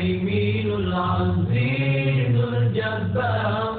الهيمين العزيز الجبار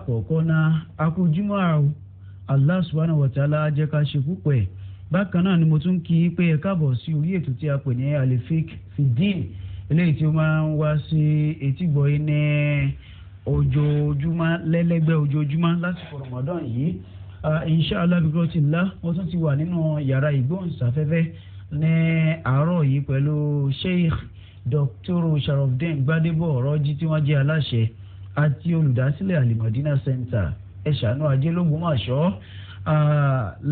lákọ̀ọ́kọ́ náà a kú jímọ̀ àrò Allah subhanahu wa ta'ala jẹ́ ká ṣe púpọ̀ ẹ̀ bákan náà ni mo tún kí pé ẹ káàbọ̀ sí orí ètò tí a pè ní alifik fidin eléyìí tí ó máa ń wá sí etígbọ̀ yìí ojoojúmọ́ lẹ́lẹ́gbẹ́ ojoojúmọ́ lásìkò Ramadan yìí inshallah bíkọ́ ti lá wọ́n tún ti wà nínú yàrá ìgbóhùnsáfẹ́fẹ́ ní àárọ̀ yìí pẹ̀lú sheikh dr sharafdin gbadebo ọ̀rọ̀jì tí wọ́n jẹ́ aláṣẹ àti olùdásílẹ̀ alimadina center ẹ ṣàánú ajé lógúnmọ̀ṣọ́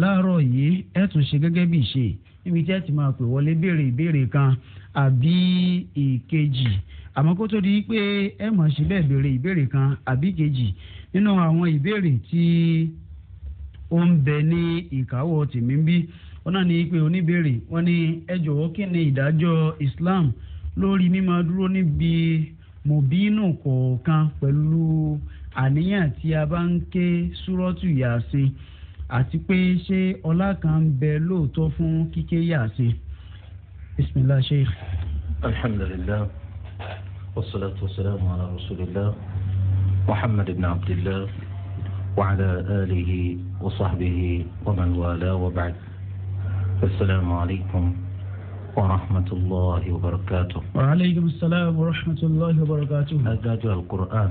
láàárọ̀ yìí ẹ tún ṣe gẹ́gẹ́ bí ìṣe níbi tí ẹ ti máa pè wọlé béèrè ìbéèrè kan àbí ìkejì àmọ́ kó tó di pé ẹ mọ̀ sí bẹ́ẹ̀ béèrè ìbéèrè kan àbí ìkejì nínú àwọn ìbéèrè tí ó ń bẹ ní ìkáwọ́ tèmi ń bí wọn náà ní pé oníbèrè wọn ní ẹ jọ̀wọ́ kí ni ìdájọ́ Islam lórí mímọ dúró níbi mòbínú kọ̀ọ̀kan pẹ̀lú àníyàn tí a bá ń ké súrọ́tù yàsìn àti pé ṣé ọlá kan ń bẹ lóòótọ́ fún kíké yàsìn. bisimilah sheikh. alhamdulilah wasalaatu wasalaamu ala rasulillah muhammad ibn abdillah wa ala alihi wa sahbihi wa man wala wa ba'd. asalaamu alaykum. ورحمة الله وبركاته وعليكم السلام ورحمة الله وبركاته أجاج القرآن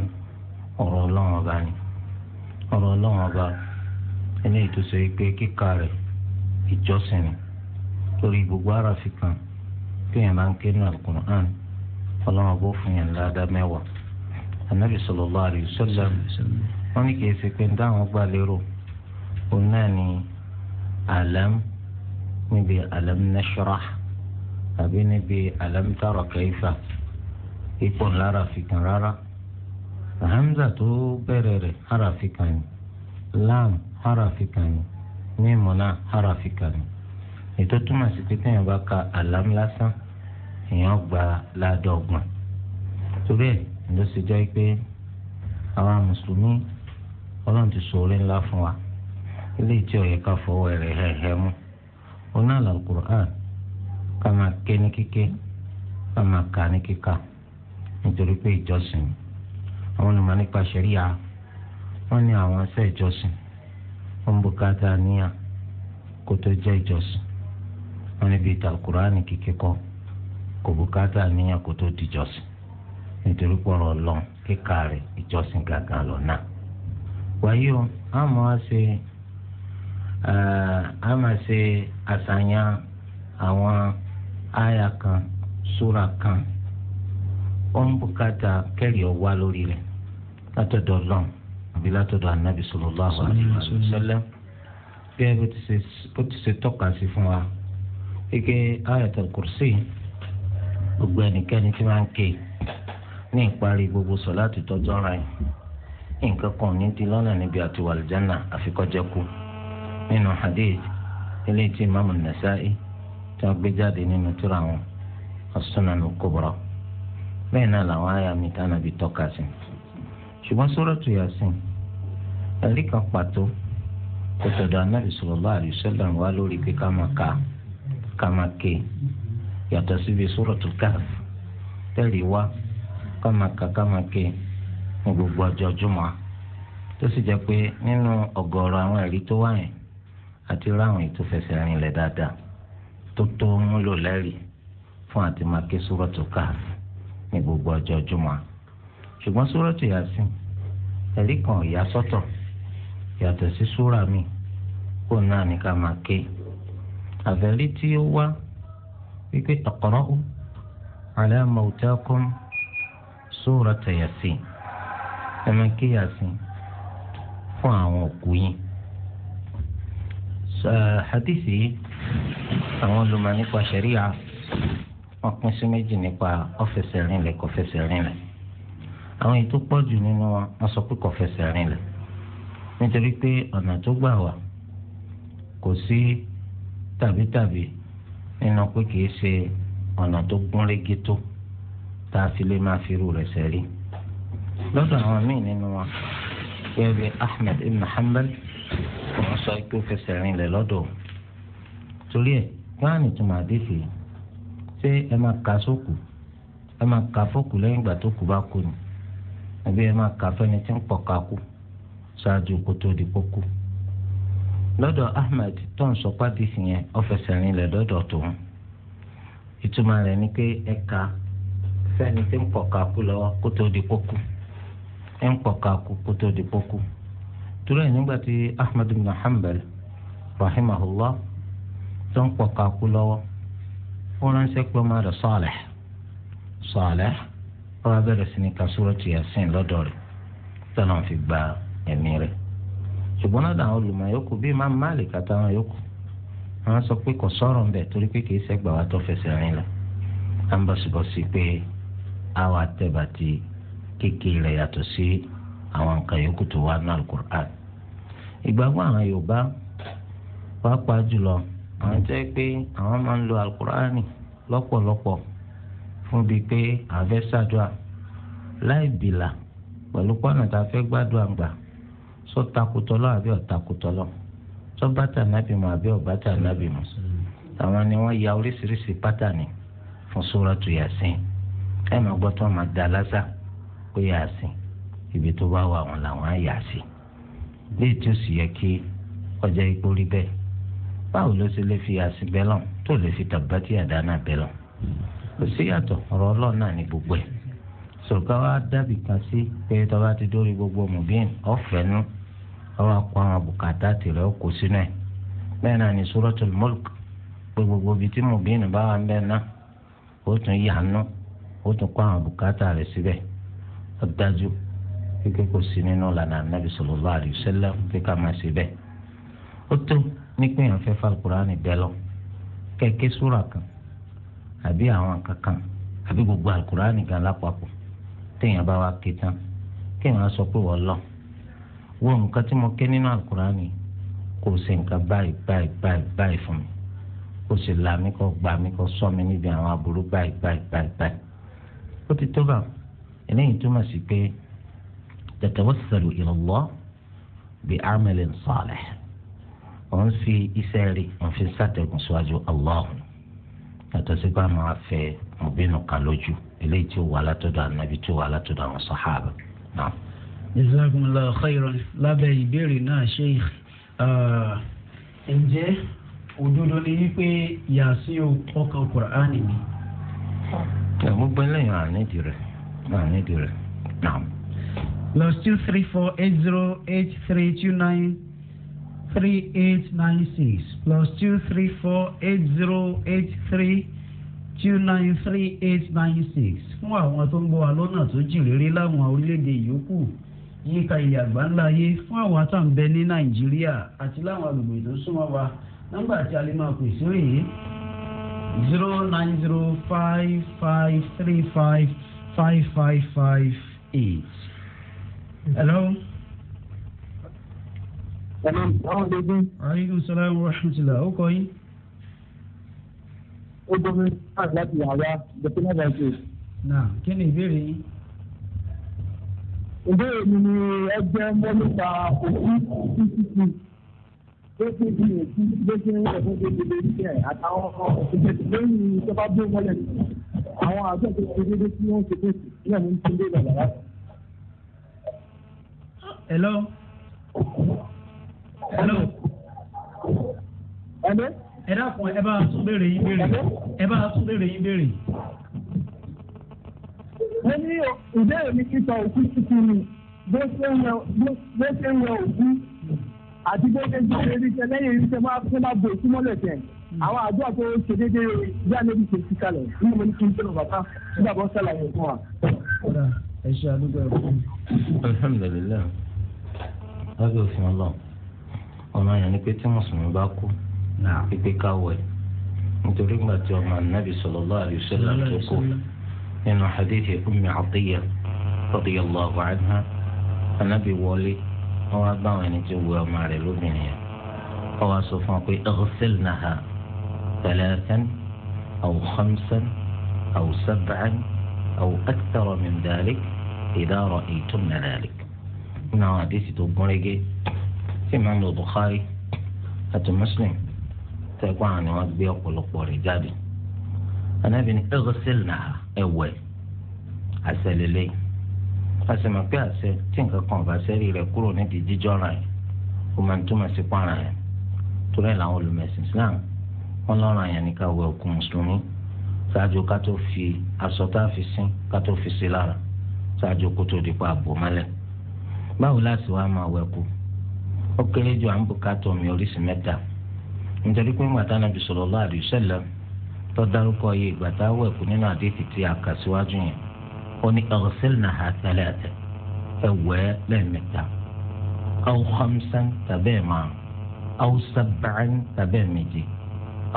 ọ̀rọ̀ ọlọ́run ọba ni ọ̀rọ̀ ọlọ́run ọba ẹni ìtòsọ ìpè kíkà rẹ̀ ìjọsìn ni torí gbogbo ara fi kan kéèyàn máa ń ké ní alukur'an ọlọ́run ọba ó fún yàn dáadáa mẹ́wàá anabi sallallahu alaihi wasallam wọn ní kìí ṣe pé ń dáhùn gbà lérò òun náà ni alam níbi alam nashrah. àbí níbi alámítàrọ̀ kẹfà ipò ńlá rara rárá hamza tó lam harafikàn ni mímu náà harafikàn ni ètò túmọ̀ sí pé ka alam lásán èèyàn gba ládọ́gbọ̀n torí ẹ̀ ló ṣe jẹ́ pé àwa mùsùlùmí ọlọ́run ti sọ orí ńlá fún wa ilé fọwọ́ kama máa ké ní kíké ká máa kà ní kíkà nítorí pé ìjọsìn àwọn olùmọ̀ nípa ṣẹ̀ríà wọ́n ní àwọn iṣẹ́ ìjọsìn wọ́n ń bùkátà níyà kó tó jẹ́ ìjọsìn wọ́n níbi ìtàkùránì kíké kọ́ kò bùkátà níyà kó tó di ìjọsìn nítorí pọ̀rọ̀ lọ́n kíkà rẹ̀ ìjọsìn gàgàn lọ́nà. wàyí o a máa ṣe a máa ṣe àṣàyàn àwọn. aya kan sura kan ó ń bùkátà kẹ́rì ọ̀wá lórí rẹ̀ látọ̀dọ̀ lọ́n àbí látọ̀dọ̀ anabi sallallahu ala wasallam gẹ́gẹ́ bó ti ṣe tọ́ka sí fún wa gẹ́gẹ́ ayatul kursi gbogbo ẹnikẹ́ni tí máa ń ké ní ìparí gbogbo sọ̀láàtì tọ́jọ́ ra yìí nǹkan kan ní ti lọ́nà níbi àti wàlìjánà àfikọ́jẹ́kù nínú hadith eléyìí tí imaamu nasa'i. tí wọ́n gbé jáde nínú tírà wọn as-Sunan al-Kubra bẹ́ẹ̀ náà làwọn àyà mi tá nàbí tọ́ka sí ṣùgbọ́n Suratu Yasin ẹ̀rí kan pàtó kò tọ̀dọ̀ anábì sallallahu alaihi wasallam wá lórí pé ká máa ka ká máa ké yàtọ̀ síbi Suratu Kahf tẹ́lẹ̀ wá ká máa ka ká máa ké ní gbogbo ọjọ́ jùmọ̀ tó sì jẹ́ pé nínú ọ̀gọ̀ọ̀rọ̀ àwọn ẹ̀rí tó wáyẹn àti ráwọn ètò fẹsẹ̀ rìn lẹ̀ dáadáa tó tó ń lò lẹ́rì fún àti máa ké sórọ́tò káf ní gbogbo ọjọ́ jùmọ̀ ṣùgbọ́n sórọ́tò yasin ẹ̀rí kan ìyá sọ́tọ̀ yàtọ̀ sí sóra mi kó náà ní ká máa ké àfẹ́rí tí ó wá wípé iqra'u ala mawtakum sórọ́tò yasin ẹ máa ké yasin fún àwọn òkú yìí. Eh, hadithi àwọn olùmọ̀ nípa ṣẹ̀ríà wọ́n pín sí méjì nípa ọ̀fẹsẹ̀ rinlẹ̀ kọ̀fẹsẹ̀ rinlẹ̀ àwọn èyí tó pọ̀ jù nínú wọn wọ́n sọ pé kọ̀fẹsẹ̀ rinlẹ̀ nítorí pé ọ̀nà tó gbà wá kò sí tàbítàbí nínú pé kìí ṣe ọ̀nà tó gún régé tó tá a fi lè máa fi irú rẹ̀ sẹ́rí lọ́dọ̀ àwọn míì nínú wọn gẹ́gẹ́ Ahmed ibn Hanbal wọ́n sọ pé ó fẹsẹ̀ rinlẹ̀ lọ́dọ̀ torí ẹ̀ gbáàní tó máa dé fèé ṣé ẹ máa kà sókù ẹ máa kà fókù lẹ́yìn ìgbà tó kù bá kú ni àbí ẹ máa kà fẹ́ni tí ń pọ̀ ká kú ṣáájú kó tó di kó lọ́dọ̀ Ahmed tó ń sọ pàdísì yẹn ó fẹsẹ̀ rinlẹ̀ lọ́dọ̀ tòun ìtumọ̀ rẹ̀ ni pé ẹ kà fẹ́ni tí ń pọ̀ ká kú lọ́wọ́ kó tó di kó kú ẹ ń pọ̀ ká kú kó tó di kó torí ẹ̀ nígbà tí Ahmad ibn Hanbal rahimahullah tó ń pọkà kú lọ́wọ́ ó ránṣẹ́ pé ọmọ rẹ̀ Salih Salih ó wá bẹ̀rẹ̀ sí ní ka Suratu Yasin lọ́dọ̀ rẹ̀ tọ́nà fi gba ẹ̀mí rẹ̀ ṣùgbọ́n náà olùmọ̀ yòókù bíi yòókù sọ pé kò sọ̀rọ̀ ń bẹ̀ torí pé wa tó fẹsẹ̀ ìgbàgbọ́ àwọn yorùbá pàápàá jùlọ àwọn jẹ́ pé àwọn máa ń lo alukurani lọ́pọ̀lọpọ̀ fún bíi pé àfẹ́ ṣàdúrà láì bìlà pẹ̀lú pọ́nà tá a fẹ́ gbàdúrà gbà sọ takùtọ̀lọ́ àbí ọ̀takùtọ̀lọ́ sọ bàtà nàbì mu àbí ọ̀bàtà nàbì mu àwọn ni wọ́n ya oríṣiríṣi pátánì fún sóràtù yàsìn ẹ̀ máa gbọ́ tó máa da lásà pé yàsìn ibi tó bá wà wọn làwọn á yàsìn. léè tí sì yẹ kí ọjà ipò rí báwo ló ṣe lè fi àṣì bẹ́lọ̀ tó lè fi tàbátì àdáná bẹ́lọ̀ kò sí yàtọ̀ ọ̀rọ̀ ọlọ́run náà ní gbogbo ẹ̀ sọ̀rọ̀ká wa dàbí kan sí pé tọ́ba ti dórí gbogbo mùbíìn ọ̀fẹ́nu ọwọ́ akọ àwọn bùkátà tìrẹ ọkọ̀ sínú ẹ̀ náà ní pé gbogbo ibi tí mùbíìn bá wà ń ó tún kíkẹ́ kò sí nínú ìlànà anábì sallallahu alaihi wasallam kíkà máa ṣe bẹ́ẹ̀. ó tó nípìn ìyànfẹ́ falùkùránì bẹ́ẹ̀ lọ kẹ̀kẹ́ súra kan àbí àwọn kankan àbí gbogbo alùkùránì kan lápapọ̀ téèyàn bá wa ké tán kéèyàn sọ pé wọ́n lọ wo nǹkan tí mo ké nínú alùkùránì kò ṣe nǹkan báyìí báyìí báyìí báyìí fún mi kò sì là mí kò gbà mí kò sọ mi níbi àwọn aburú báyìí báyìí báyìí báyìí ó ti tó bá eléyìí túmọ̀ sí pé tatawassalu ila Allah bi amalin salih wọ́n fi iṣẹ́ rí wọ́n fi sàtẹ̀gùn síwájú Allah yàtọ̀ sí pé àwọn afẹ́ mọ̀bínú kan lójú eléyìí tí ó wà látọ̀dọ̀ ànábi tí ó wà látọ̀dọ̀ àwọn sàhábà náà. jazakumullahu khairan lábẹ́ ìbéèrè náà ṣe ǹjẹ́ òdodo ni wípé yàtí o ọkàn kùránì mi. ẹ̀mú gbẹ́lẹ́yìn ànídìí rẹ̀ ànídìí rẹ̀ náà plus two three four eight zero eight three two nine three eight nine six plus two three four eight zero eight three two nine three eight nine six fún àwọn tó ń gbọ́ wa lọ́nà tó jìn réré láwọn orílẹ̀-èdè yòókù yíká ilẹ̀ àgbáńlá ayé fún àwọn àtàǹbẹ ní nàìjíríà àti láwọn agbègbè tó súnmọ́ wa nọ́mbà tí a lè máa pè sórí yìí zero nine zero five five three five five five five eight hello. aleykum salaam wa rahmatulah ó kọ yín. ó gómìnà náà láti yàrá burkina faso. náà kí ni ìbéèrè yín. ìbéèrè mi ni ẹ jẹ́ mọ́ nípa òfin ccc lókè bí èsì lókè ń wọ̀ fún gbogbo iṣẹ́ àtàwọn ìṣẹ̀lẹ̀ lẹ́yìn ìjọba bí ó mọ́lẹ̀ àwọn àjọ tó ṣe déédéé tí wọ́n ṣe déédéé ní ẹ̀mí ń tún dé lọ́wọ́ hello. hello. hello. ẹ dákun ẹ bá a tún béèrè yín béèrè ẹ bá a tún béèrè yín béèrè. mo ní ìbéèrè mi kíkọ òkú tuntun ni bó ṣe ń yọ òkú àti bó ṣe ń ṣe irinṣẹ́ lẹ́yìn irinṣẹ́ máa fún máa bò sí mọ́lẹ̀ṣẹ̀ àwọn àdúrà tó ṣe déédéé yá lórí ṣe sí kalẹ̀ nínú mo ní kí n tẹ́lẹ̀ bàbá nígbà bó ń ṣàlàyé fún wa. ẹ ṣe àdúgbò ẹ̀ fún mi. alhamdulilayi. lábẹ́ òfin ọlọ́run ọ̀nà yẹn ni pé tí mùsùlùmí bá kú pípé káwọ́ ẹ̀ nítorí gbà tí ọmọ anábì sallallahu alaihi wasallam tó kú nínú hadithi ummi Atiyya radiyallahu anha anábì wọlé wọn wá gbà wọn ẹni tí wọ ọmọ rẹ̀ lóbìnrin yẹn wọn wá sọ fún wọn pé náà ighsilnaha thalathan aw khamsan aw sab'an aw akthara min dhalik ìdárò ra'aytunna dhalik. nínú àwọn àdéhìí tó gún régé tí ìmáàmù Bukhari àti Muslim tẹ́kọ̀ àwọn ni wọ́n gbé ọ̀pọ̀lọpọ̀ rẹ̀ jáde Ànábì ní ẹ̀rọsẹ̀lì náà ẹ̀wẹ̀ àṣẹ lélẹ̀ àṣẹ máa pé àṣẹ tí nǹkan kan bá sẹ́rí rẹ̀ kúrò nídìí jíjọ́ra yẹn ó máa ń túmọ̀ sí pààrà yẹn torí ẹ̀ làwọn olùmẹ̀sìn Islam wọn lọ́rùn àyàn ní ká wẹ òkú mùsùlùmí ṣáájú ká tó fi aṣọ tá a fi sín ká tó fi sí lára ṣáájú kó tó di àbò mọ́lẹ̀ báwo láti wá máa wẹ̀ kú ó kéré ju à ń bùkátà omi oríṣi mẹ́ta nítorí pé ńgbà táwọn Ànábì sallallahu alaihi wasallam tó dárúkọ yìí ìgbà tá a wẹ̀ kú nínú àdéhìí tí a kà síwájú yẹn ó ní igsilnaha thalatha ẹ wẹ̀ ẹ́ lẹ́ẹ̀mẹ́ta aw khamsan tàbí ẹ̀ máa aw sab'an tàbí ẹ̀ méje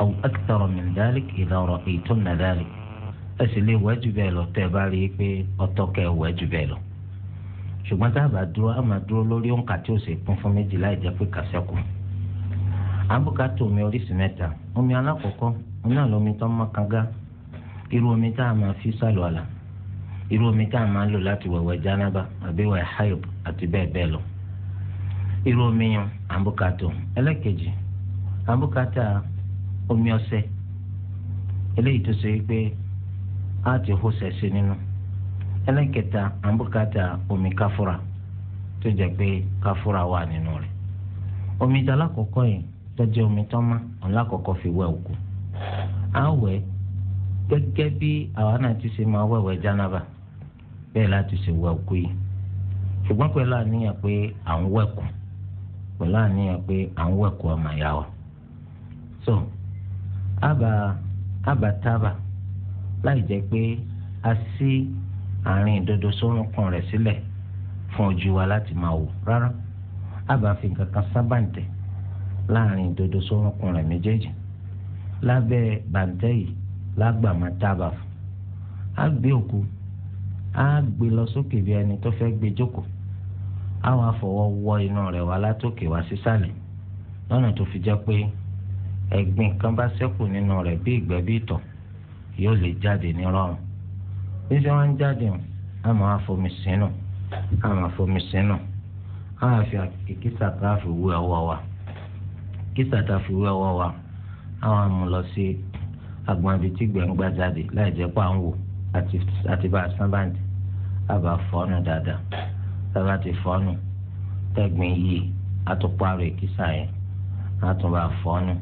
aw akthara min dhalik idha ẹ sì lè wẹ̀ jù lọ tẹ́ bá rí i pé ó ṣùgbọ́n tá a bá dúró a máa dúró lórí òǹkà tí ó ṣe kún fún méjì láì jẹ́ pé kà sẹ́kù. àbùkátà omi oríṣi omi alákọ̀ọ́kọ́ náà lomi tó ń mọ́ kanga irú omi tá a máa fi sálọ àlà irú omi tá a máa lò láti wẹ̀wẹ̀ jánába àbí wẹ̀ hayob àti bẹ́ẹ̀ bẹ́ẹ̀ lọ. irú omi yan àbùkátà ẹlẹ́kejì àbùkátà omi ọṣẹ eléyìí tó ṣe a ti hó sẹ́sẹ́ ẹlẹ́kẹta ambokata omi káfúrà tó jẹ́ pé káfúrà wà nínú rẹ̀ omi tó alákọ̀ọ́kọ́ yìí omi ọ̀làkọ̀ọ́kọ́ fi wẹ̀ òkú á gẹ́gẹ́ bí àwa náà ti ṣe máa wẹ̀wẹ̀ jánábà bẹ́ẹ̀ láti ṣe wẹ̀ òkú yìí ṣùgbọ́n pẹ̀lú àníyàn pé à ń wẹ̀kù pẹ̀lú àníyàn pé à ń wẹ̀kù ọmọ wa so àbá àbá tábà láì jẹ́ pé a Si, àárín ìdodo sórúnkún rẹ̀ sílẹ̀ fún ojú wa láti máa wò rárá àbáfi nǹkan kan sábàǹtẹ̀ láàrin ìdodo sórúnkún rẹ̀ méjèèjì lábẹ́ bàǹtẹ́ yìí lágbàmọ́ tábà fún á gbé òkú á gbé lọ sókè bí ẹni tó fẹ́ gbé jókòó á wàá fọwọ́ wọ inú rẹ̀ wá látòkè wá sísàlẹ̀ lọ́nà tó fi jẹ́ pé ẹ̀gbin kan bá ṣẹ́kù nínú rẹ̀ bí ìgbẹ́ bí ìtọ̀ yóò lè jáde ní rọrùn bí ṣe wọn ń jáde o a máa fomi sínú a máa fomi sínú a máa fi kíkísà tá a fi wú ẹwọ wa kíkísà tá fi wú ẹwọ wa a máa mú lọ sí agbọn ibi tí gbẹ̀ngbà jáde láì jẹ́ pé à ń wò àti bá a sán báńdì a bá fọ́nù dáadáa tá a bá ti fọ́nù tẹ́gbìn yìí a tún pààrọ̀ ìkísà yẹn a tún bá a fọ́nù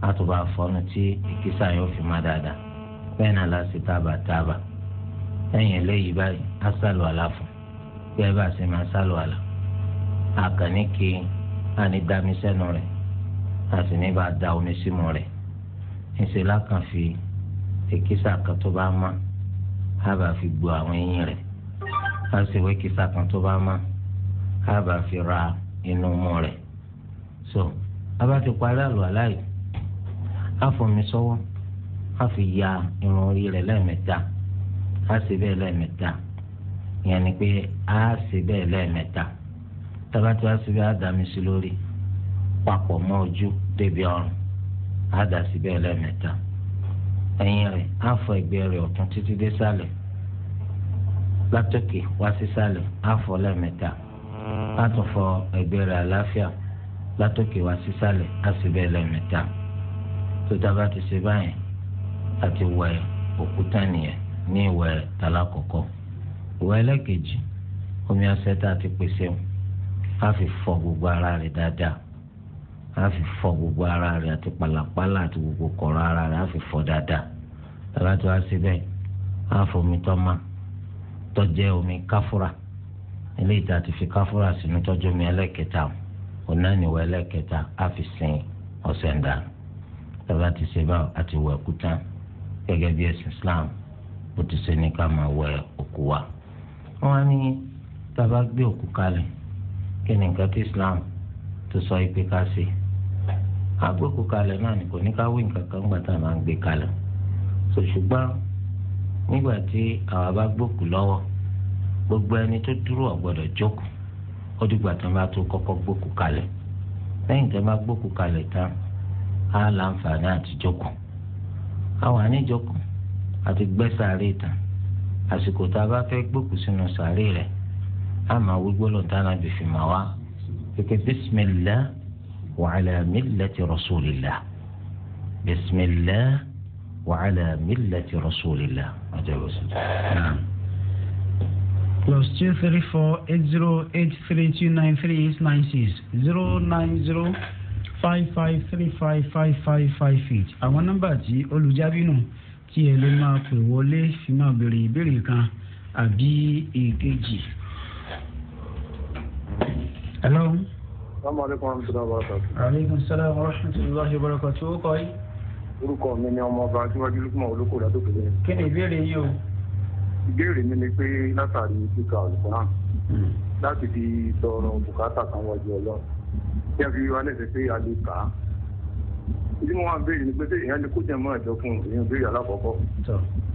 a tún bá a fọ́nù tí ìkísà yẹn ò fi má dáadáa bẹ́ẹ̀ náà láti tábà tábà lẹ́yìn eléyìí báyìí á sálò àlá fún bí ẹ bá ṣe máa sálò àlá àkànní kí á ní dami sẹ́nu rẹ̀ á sì ní bá da omi símú rẹ̀ ńṣe lákàn fi kan tó bá má á bá fi gbo àwọn eyín rẹ̀ á sì wé kísà kan tó bá má á bá fi ra inú mú rẹ̀ so a bá ti parí àlò àlá yìí á fọmi sọ́wọ́ á fi ya irun orí rẹ̀ lẹ́ẹ̀mẹ́ta á ṣe bẹ́ẹ̀ lẹ́ẹ̀mẹ́ta ni pé á ṣe bẹ́ẹ̀ lẹ́ẹ̀mẹ́ta tabati á ṣe bẹ́ẹ̀ á dàmí sí lórí papọ̀ mọ́ ojú débi ọrùn á dà sí bẹ́ẹ̀ lẹ́ẹ̀mẹ́ta ẹ̀yìn rẹ̀ á fọ títí dé sálẹ̀ látòkè wá sí sálẹ̀ á fọ lẹ́ẹ̀mẹ́ta á tún àláfíà látòkè wá sí sálẹ̀ á ṣe bẹ́ẹ̀ tó tabati ṣe báyìí àti wẹ̀ òkúta nìyẹn ní ìwẹ̀ tàlákọ̀kọ́ ìwẹ̀ ẹlẹ́kejì omi ọṣẹ tá a ti pèsè o á fi fọ gbogbo ara rẹ̀ dáadáa á fi fọ gbogbo ara rẹ̀ àti pàlàpàlà àti gbogbo kọ̀rọ̀ ara rẹ̀ á fi fọ dáadáa tàbá tó a ṣe bẹ́ẹ̀ á fomi tọ́ ma tọ́jẹ́ omi káfúrà eléyìí tá a ti fi káfúrà sínú tọ́jú omi ẹlẹ́kẹta o ọ̀nà ni wọ́n ẹlẹ́kẹta á fi sin ọ̀sẹ̀ ń dà ti ṣe báwo àti wọ̀ ẹ̀kú tán gẹ́gẹ́ bí ẹ̀sìn Islam bó ti ṣe ní ká máa wẹ òkú wa. wọ́n á ní tá a bá gbé òkú kalẹ̀ kí ni nǹkan tí Islam tó sọ pé ká ṣe. a òkú kalẹ̀ náà ni kò ní ká wí nǹkan kan gbà tá a máa ń gbé kalẹ̀. sọ ṣùgbọ́n nígbà tí àwa bá gbókù lọ́wọ́ gbogbo ẹni tó dúró ò gbọ́dọ̀ jókòó ó dìgbà tí wọ́n bá tó kọ́kọ́ gbókù kalẹ̀ lẹ́yìn tí wọ́n bá gbókù kalẹ̀ tán á láǹfààní àti jókòó. àwa àti gbẹ́ sàárè tán àsìkò tá a bá fẹ́ gbòkú sínú sàárè rẹ̀ a máa wí gbọ́dọ̀ dáná bí fi máa wá pé bismillah wa ala millati rasulillah bismillah wa ala millati rasulillah ọjọ́ ìwòsàn. plus two three four eight zero eight three two nine three eight nine six zero nine zero five five three five five five five eight àwọn nọ́mbà tí olùjábí nù. No kí ẹ lè máa pè wọlé sí máa béèrè ìbéèrè kan àbí èkejì. hello. salaamaleykum wa rahmatulahi wa barakatu. aleykum salaam wa rahmatulahi wa barakatu. ó kọ́ yìí. orúkọ mi ni ọmọọba tíwájú lukuma olóko ládòkèlè. kí ni ìbéèrè yìí o. ìbéèrè mi ni pé látàrí kíkà olùkọ́nà hmm. láti fi tọrọ bùkátà kan wájú ọlọ́run. kí a fi wá lẹ́sẹ̀ pé a lè kà á ìdí mo máa béèrè ni pé ṣé èèyàn lè kó jẹ mọ́ ẹ̀jọ́ fún èèyàn béèrè alákọ̀ọ́kọ́.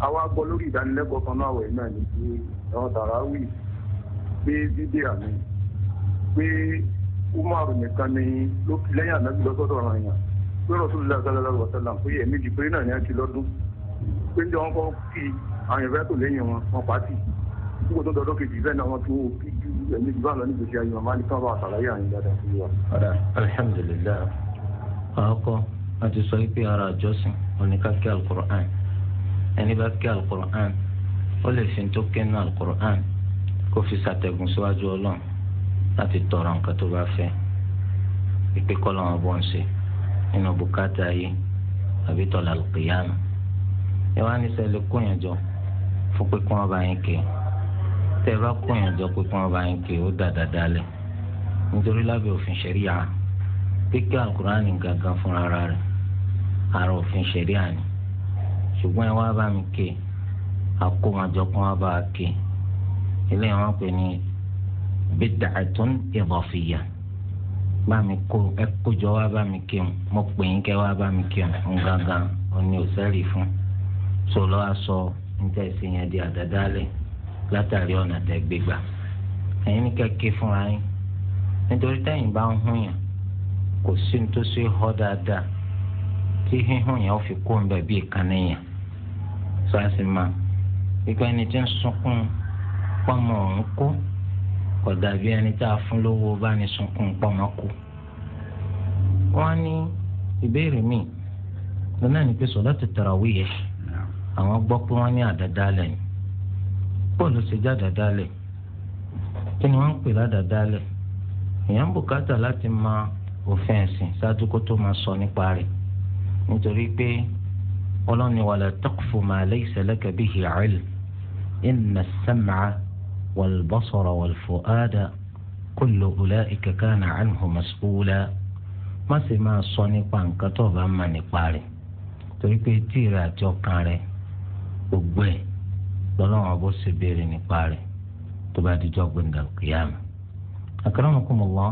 àwa gbọ́ lórí ìdánilẹ́kọ̀ọ́ kan náà wẹ̀ náà ni pé àwọn tàràwì pé dídé àmì pé umaru nìkan ni lẹ́yìn ànábì lọ́sọ̀dọ̀ ọ̀ràn èèyàn pé rasulillah sallallahu alaihi wasallam pé ẹ̀mí jù pé náà ni a ti lọ́dún pé ń jẹ́ wọn kọ́ kí àwọn ìfẹ́ tó lẹ́yìn wọn wọn pàtì nígbà tó dọdọ kejì bẹ́ẹ̀ náà wọn tún ó kí ju ẹ̀mí jù bá lọ nígbèsè ayé wọn máa ní káwọn àtàlàyé àyìn dáadáa fún wa. alhamdulilayi ọkọ a ti sọ pé ara àjọsìn oníkà kí alukur'an ẹni bá kí alukur'an ó lè fi tó kẹ́nu alukur'an kó fi ṣàtẹ̀gùn síwájú ọlọ́run láti tọrọ nǹkan tó bá fẹ́ ìpè kọ́ lọ́wọ́ bọ́ ń ṣe nínú bùkátà yìí àbí tọ́lá lùkìyàmù ẹ wá ní kóyànjọ fún pé kí wọ́n bá yín tẹ́ ẹ bá kóyànjọ pé kí wọ́n bá yín ké ó dàdàdà lẹ̀ nítorí lábẹ́ òfin ṣẹ̀ríyà kíkẹ́ alukur'ani gangan fúnra ara rẹ̀ ara òfin ṣẹ̀ríà ni ṣùgbọ́n ẹ wá bá mi ké akómajọpọ̀ wá bá a ké ilé wọn pè ní bid'atun idafiyya bá mi kó ẹ kójọ wá bá mi ké mo pè yín kẹ́ wá bá mi ké ń gangan ó ní òsẹ́rì fún sọlọ́ aṣọ níta ìsìn yẹn di àdádálẹ̀ látàrí ọ̀nà tẹ́gbẹ́gbà ẹ̀yin ní kẹ́ ké fúnra yín nítorí tẹ́yìn bá ń hún yàn kò sí ní tó ṣe họ dáadáa tí híhùn yẹn ó fi kó ń bẹ bí ìkànnì sọ àti ma pípa ẹni tí ń sunkún pọmọ òun kú kò dàbí ẹni tá a fún lówó bá ní sunkún lati kú. wọ́n ní ìbéèrè mi ní pé yẹ àwọn gbọ́ pé wọ́n ní àdàdálẹ̀ ni bọ́ọ̀lù ṣe jẹ́ àdàdálẹ̀ kí òfin ẹ̀sìn ṣáájú kó tó máa sọ nípa rẹ̀ nítorí pé ọlọ́ni wala taqfu ma laysa laka bihi ilm inna as-sam'a wal basara wal fu'ada kullu ulaika kana anhu mas'ula má sì máa sọ nípa nǹkan tó bá mà nípa rẹ̀ torí pé etí àti ọkàn rẹ̀ gbogbo ẹ̀ lọ́lọ́wọ́n bó ṣe béèrè nípa rẹ̀ tó bá dijọ́ gbẹ̀ngàn kìyàmù. akramakumullah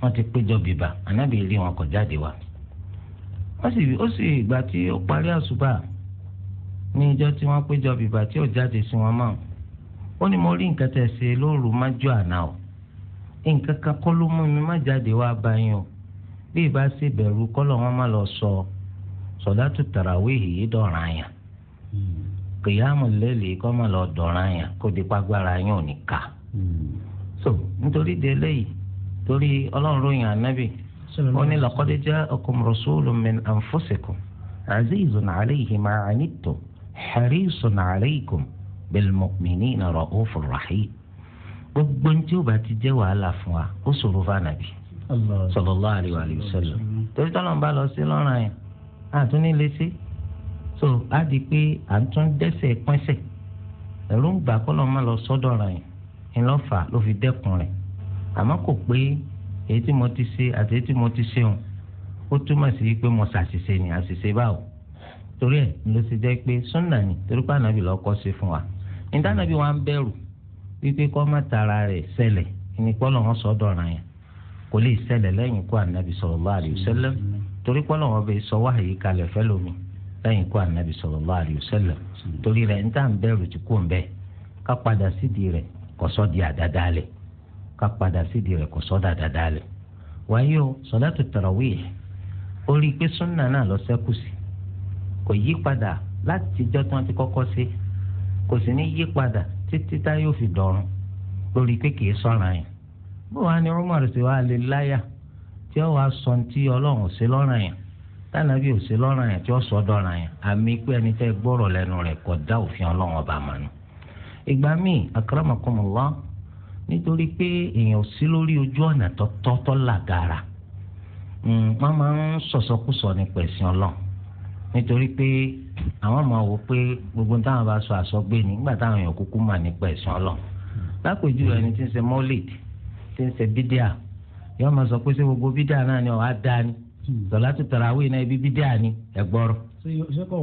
wọ́n ti péjọ bìbà ànábì rí wọn jáde ó sì ó sì ìgbà tí ó parí àṣùbà ní ìjọ tí wọ́n péjọ bìbà tí ó jáde sí wọn mọ́ ó ní mo rí nǹkan tẹ̀ ṣe lóru májú àná o nǹkan kan kọ́ ló mú mi má jáde wá bá yín o bí ìbá bẹ̀rù kọ́lọ̀ wọn má lọ sọ sọ̀dátù tàràwíhì yìí dọ̀ràn yàn hmm. kìyàmù lẹ́lẹ̀ kọ́ má lọ dọ̀ràn hmm. so nítorí torí ọlọ́run ròyìn ànábì ó ní laqad ja'akum rasulun min anfusikum azizun alayhi ma anittum harisun alaykum bil mu'minina ra'ufur rahim gbogbo ní tí ó bá ti jẹ́ wàhálà fún wa ó ṣòro fún ànábì sallallahu alayhi wa sallam torí tọ́lọ́ ń bá lọ sí lọ́rùn yẹn àtúní lè ṣe so á di pé à ń tún dẹ́sẹ̀ pẹ́sẹ̀ ẹ̀rú ń gbà kọ́ àmọ́ kò pé èyí tí mo ti ṣe àti èyí tí mo ti ṣe hàn ó túmọ̀ sí pé mo ṣàṣìṣe ni àṣìṣe báwo torí ẹ̀ ló ṣe jẹ́ pé súnà ni torí pé ànábì lọ́kọ́ fún wa wa ń bẹ̀rù wípé tara rẹ̀ ṣẹlẹ̀ wọn sọ dọ̀ràn yẹn kò lè ṣẹlẹ̀ lẹ́yìn kó ànábì sallallahu alaihi wasallam torí pọ́lọ̀ wọn bẹ sọ wá àyíká fẹ́ lómi lẹ́yìn kó ànábì sallallahu torí ti kú ń ka padà sídìí rẹ̀ kó sọ́dà dáadáa lẹ̀ wáyé o sọ́dátù tarawih ó rí i pé súnà náà lọ sẹ́kù sí kò yí padà láti jọ́ tí ti sí kò sì ní yí padà títí tá yóò fi dọ̀run lórí pé kì í sọ̀ràn yẹn bó wàá ní rúmọ̀rì sí wàá lè láyà tí ó wàá sọ ti ọlọ́run sí lọ́ràn yẹn tánàbí ò sí lọ́ràn yẹn tí ó sọ nítorí pé èèyàn ò sí lórí ojú ọ̀nà tọ́tọ́ tọ́ làgàrà hmm, wọ́n máa ń sọ̀sọ́kùsọ nípa ẹ̀sìn ọlọ́run nítorí pé àwọn máa wò pé gbogbo táwọn bá sọ àsọgbé ni nígbà táwọn èèyàn kúkú mà nípa ẹ̀sìn ọlọ́run lápèjú ẹni tí ń ṣe mọ́lìd tí ń ṣe bídíà yọ́n máa sọ pé ṣé gbogbo bídíà náà ni ọ̀há dá ni sọ̀látù tàràwí náà ibi bídíà ni ẹ̀gbọ́rọ̀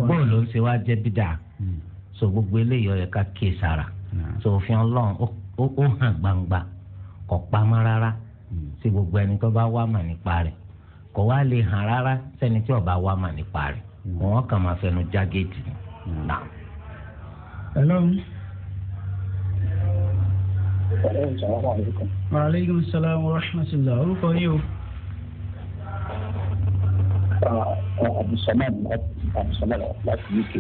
bóòlù ló ń ṣe wá jẹ́ bídíà hmm. so gbogbo eléyìí ó ká kíyèsára hmm ó hàn gbangba kò pamọ́ rárá sí hmm. gbogbo ẹni tó bá wá mà nípa rẹ̀ kò wá lè hàn rárá sẹ́ni tí ò bá wá mà nípa rẹ̀ hmm. wọ́n kàn máa fẹnu já géètì hmm. náà. hello. maaleykum salaam wa rahmatulah orúkọ yìí o. Ah, abdulsamad láti uk.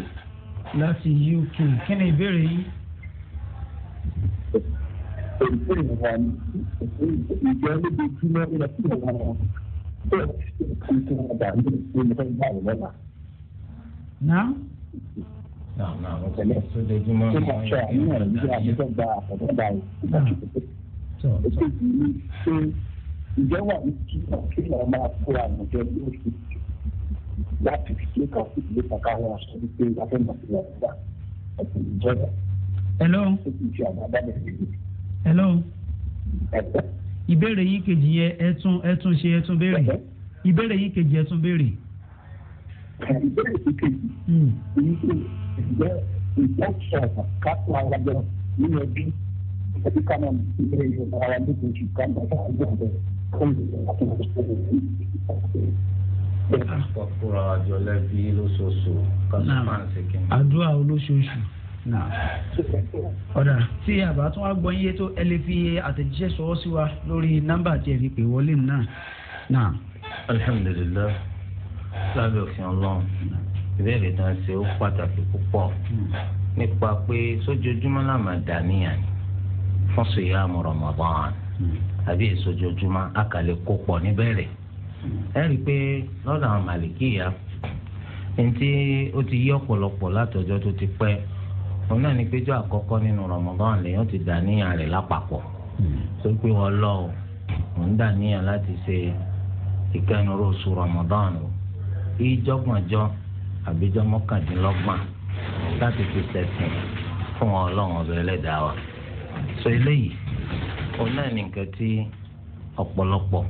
láti uk kí ni ìbéèrè yìí èyí ni wọn ìjọ lójoojúmọ́ ilẹ̀ tí wọn wọn bẹ́ẹ̀ tí wọn gbà ní ìlú tó ń bá wọn lọ́la. náà. náà náà wọ́n tẹ̀lé lójoojúmọ́ ní wọ́n yà ní ọ̀rọ̀ yìí àti tó gba àtọ̀tọ̀ gba ìgbà tó tó ní ṣe ìjọ wà ní kí wọn kí wọn máa kó àwọn ọjọ́ ní oṣù láti fi kí wọn kí wọn kàkà wọn aṣọ wípé afẹ́mọ̀tì wọn gbà ẹ̀sìn ìjọba. ẹ lọ. ó ti fi àwọn abábẹ́ sílẹ̀ hello ìbéèrè yín kejì yẹn ẹ tún ẹ tún ṣe ẹ tún béèrè ìbéèrè yín kejì ẹ tún béèrè. ìbéèrè yín kejì ní kí ìjẹ́ ìjọ́sọ̀rọ̀ ká tó ara jọ nínú ẹbí ẹbí ká máa ìbéèrè yìí ara ní kejì ká máa tó ara jọ bẹ́ẹ̀ kó lè tó ara jọ bẹ́ẹ̀ fúnra àjọ lẹ́bí lóṣooṣù kásùmáà ṣe kí n. àdúrà olóṣooṣù ọ̀dà tí àbá tún wá gbọ́ iye tó ẹ lè fi àtẹ̀jíṣẹ́ sọ́wọ́ sí wa lórí nọ́mbà tí ẹ fi pè wọlé náà náà. alhamdulilayi lábẹ́ òfin ọlọ́run ìbéèrè náà ṣe ó pàtàkì púpọ̀ hmm. nípa pé sójoojúmọ́ náà máa dà níyàn fún sèyàmù Ramadan hmm. àbí èsojoojúmọ́ àkàlẹ̀ kó pọ̀ níbẹ̀rẹ̀ hmm. ẹ rí i pé lọ́dọ̀ àwọn màlìkì yá ẹni tí ó ti yí ọ̀pọ̀lọpọ̀ látọjọ́ tó ti pẹ́ òun náà ní péjọ àkọ́kọ́ nínú Ramadan lèyàn ti dà níyàn rẹ̀ lápapọ̀ hmm. tó pé wọn lọ o òun dà níyàn láti ṣe ìkẹnuró oṣù Ramadan o ìjọgbọ̀njọ àbíjọ mọ́kàndínlọ́gbọ̀n láti fi ṣẹ̀sìn fún wa sọ eléyìí òun náà ní nǹkan tí ọ̀pọ̀lọpọ̀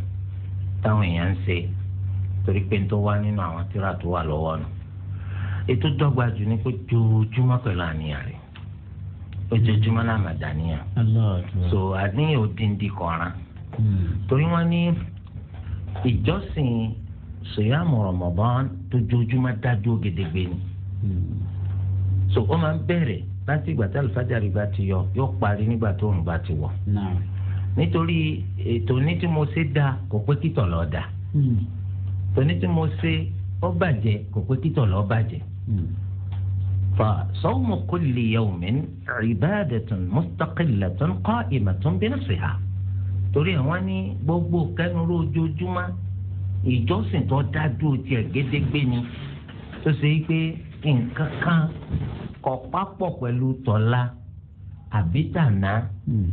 táwọn èèyàn ń ṣe torí pé ń tó wá nínú àwọn tíra tó wà ètò dọ́gba jù ní pé ojoojúmọ́ pẹ̀lú àníyàn rẹ̀ ojoojúmọ́ náà mà dàníyàn so àníyàn òdìndín kọ̀ọ̀ràn hmm. torí wọ́n ní ìjọsìn sòyàmù Ramadan tójoojúmọ́ dájú ògèdègbè ni hmm. so ó máa ń bẹ̀rẹ̀ láti ìgbà tí alifájàre bá ti yọ yóò parí nígbà tó òrùn bá ti wọ̀ nítorí ètò e, ní tí mo ṣe dáa kò pé kítọ̀ lọ́ọ́ dáa hmm. tòní tí mo ṣe ó bàjẹ́ kò pé kítọ̀ lọ́ọ́ bàjẹ́. فصوم كل يوم عبادة مستقلة قائمة بنفسها torí ẹ wọn ní gbogbo kẹnuru ojoojúmọ́ ìjọsìn tó dájú tiẹ̀ gédégbé ni tó ṣe é pé nǹkan kan kò papọ̀ pẹ̀lú tọ̀la àbí tànà hmm.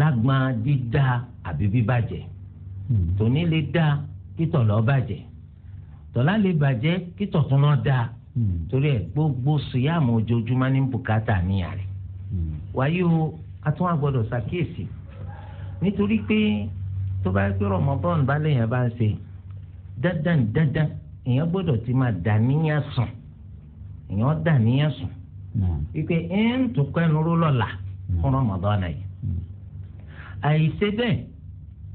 lágbọn dídá àbí bíbàjẹ́ hmm. tòní lè dá kí tọ̀lọ́ bàjẹ́ tọ̀la lè bàjẹ́ kí tọ̀tún náà dáa. Hmm. torí ẹ gbogbo sùyàmù ojoojúmọ́ ní bùkátà níyàn rẹ̀ hmm. wáyé o atún wa gbọ́dọ̀ ṣàkíyèsí nítorí pé tó bá yẹ pé rọmọbọ́n bá lẹ́yìn bá ń ṣe dandan dandan èèyàn gbọ́dọ̀ ti máa dà níyàn sùn èèyàn dà níyàn sùn wípé ẹ ń tún kẹ́nu ró lọ́la fún rọmọbọ́n yìí hmm. àìṣe bẹ́ẹ̀